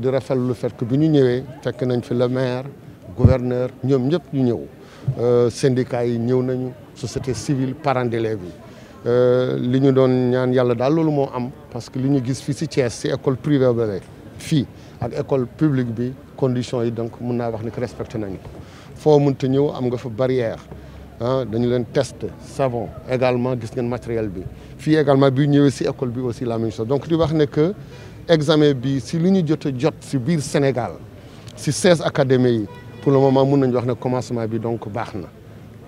di rafetlu fait que bi ñu ñëwee tekk nañ fi le maire gouverneur ñoom ñëpp ñu ñëw euh, syndicats yi ñëw nañu société civile parents d'élèves yi euh, li ñu doon ñaan yàlla daal loolu moo am parce que li ñu gis fii si Thiès si école privée ba fii ak école publique bi conditions yi donc mun naa wax ni que respecté nañu foo mun te ñëw am nga fa barrière ah dañu test savon également gis ngeen matériel bi fi également bi ñëwee ci école bi aussi la même chose donc li wax né que examen bi si lu ñu jot jot ci biir Sénégal si 16 académies pour le moment mun nañu wax né commencement bi donc baxna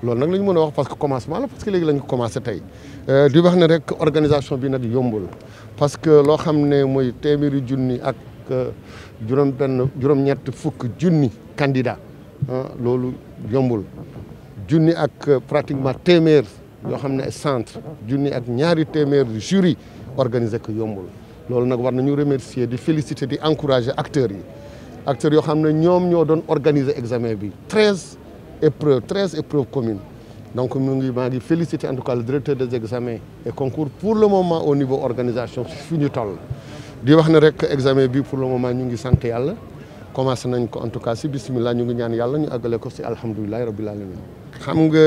lool nak nag mëna wax parce que commencement la parce que légui lañ ñu ko commencé euh di wax né rek organisation bi nag yombul parce que lo xamné moy mooy téeméeri junni ak euh, juróom benn juróom-ñett fukk junni candidat hein, loolu yombul junni ak euh, pratiquement témèr yo xamné centre junni ak ñaari témèr jury organisé ko yombul lolou nak war nañu remercier di féliciter di encourager acteurs yi acteurs yo xamné ñom ñoo doon organiser examen bi treize épreuves 13 épreuves communes donc mu ngi maa ngi féliciter en tout cas le directeur des examens et concours pour le moment au niveau organisation fi ñu toll di wax ne rek examen bi pour le moment ñu ngi sant yalla commencé nañ ko en tout cas si bisimilah ñu ngi ñaan yàlla ñu àggale ko si alhamdulilah rabbil alamin xam nga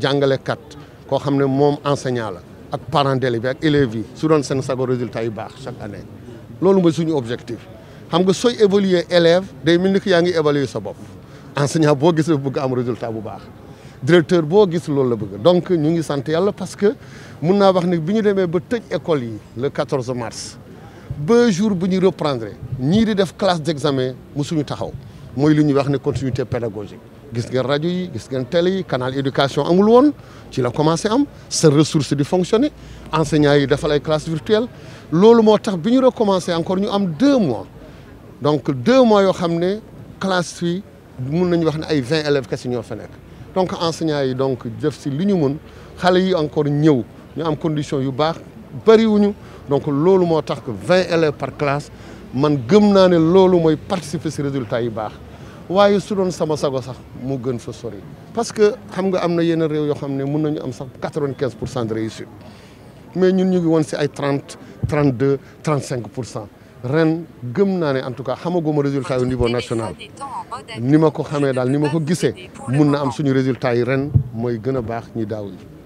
jàngale jàngalekat koo xam ne moom enseignant la ak parent d'élève bi ak élèves yi su doon seen sago résultat yu baax chaque année loolu mooy suñu objectif xam nga sooy évaluer élève day mel yaa ngi évaluer sa bopp enseignant boo gis la bëgg am résultat bu baax directeur boo gis loolu la bëgg donc ñu ngi sant yàlla parce que mun naa wax ne bi ñu demee ba tëj école yi le 14 mars ba jour bu ñu reprendre ñii di def classe d'examen nous taxaw mooy li ñuy wax continuité pédagogique gis ngeen radio, yi gis ngeen télé yi canal éducation amul woon ci la commencé am ressources ressource di fonctionner enseignants yi defal ay classe virtuelle loolu moo tax bi ñu recommencé encore ñu am deux mois donc deux mois yoo xam ne classe yi mun nañu wax ay élèves kese ñoo fa nekk donc enseignants yi donc jëf si li ñu mun yi encore ñëw ñu am condition yu baax bariwuñu donc loolu moo tax que vingt élèves par classe man gëm naa ne loolu mooy participer si résultat yi baax waaye su doon sama sago sax mu gën fa sori parce que xam nga am na yenn réew yoo xam ne mun nañu am sax quatre-vingt-quinze pour cent de réussite mais ñun ñu ngi woon si ay trente trente deux trente cinq pour cent ren gëm naa ne en tout cas xamaguma résultat yi au niveau national ni ma ko xamee daal ni ma ko gisee mun na am suñu résultat yi ren mooy gën a baax ñi daaw yi